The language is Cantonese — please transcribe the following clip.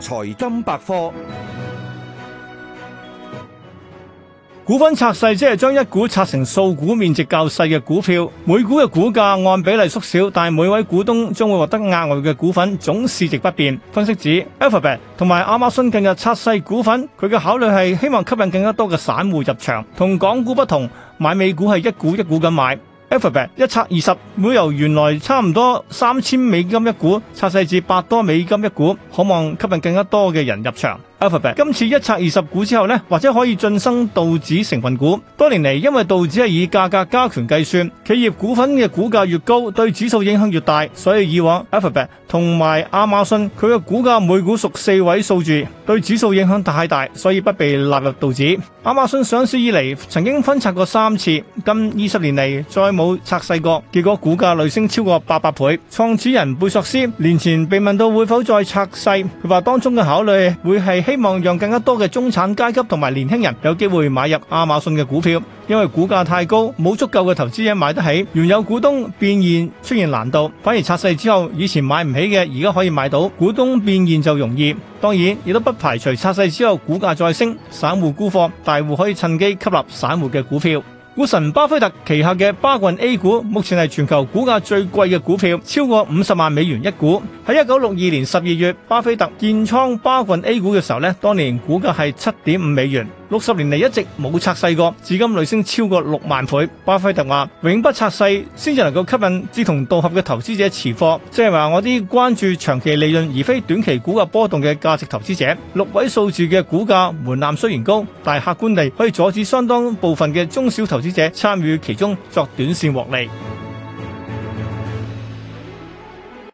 財金百科，股份拆細即係將一股拆成數股面值較細嘅股票，每股嘅股價按比例縮小，但係每位股東將會獲得額外嘅股份，總市值不變。分析指，Alphabet 同埋亞馬遜近日拆細股份，佢嘅考慮係希望吸引更加多嘅散戶入場，同港股不同，買美股係一股一股咁買。Everbet 一拆二十，每由原來差唔多三千美金一股拆細至百多美金一股，可望吸引更加多嘅人入場。Alphabet 今次一拆二十股之後呢，或者可以晉升道指成分股。多年嚟，因為道指係以價格加權計算，企業股份嘅股價越高，對指數影響越大，所以以往 Alphabet 同埋亞馬遜佢嘅股價每股屬四位數字，對指數影響太大，所以不被納入道指。亞馬遜上市以嚟曾經分拆過三次，近二十年嚟再冇拆細過，結果股價累升超過八百倍。創始人貝索斯年前被問到會否再拆細，佢話當中嘅考慮會係。希望讓更加多嘅中產階級同埋年輕人有機會買入亞馬遜嘅股票，因為股價太高，冇足夠嘅投資者買得起。原有股東變現出現難度，反而拆細之後，以前買唔起嘅而家可以買到，股東變現就容易。當然，亦都不排除拆細之後股價再升，散戶沽貨，大戶可以趁機吸納散戶嘅股票。股神巴菲特旗下嘅巴郡 A 股，目前係全球股價最貴嘅股票，超過五十萬美元一股。喺一九六二年十二月，巴菲特建倉巴郡 A 股嘅時候呢，當年股價係七點五美元，六十年嚟一直冇拆細過，至今累升超過六萬倍。巴菲特話：永不拆細，先至能夠吸引志同道合嘅投資者持貨，即係話我啲關注長期利潤，而非短期股價波動嘅價值投資者。六位數字嘅股價門檻雖然高，但係客觀地可以阻止相當部分嘅中小投資者參與其中作短線獲利。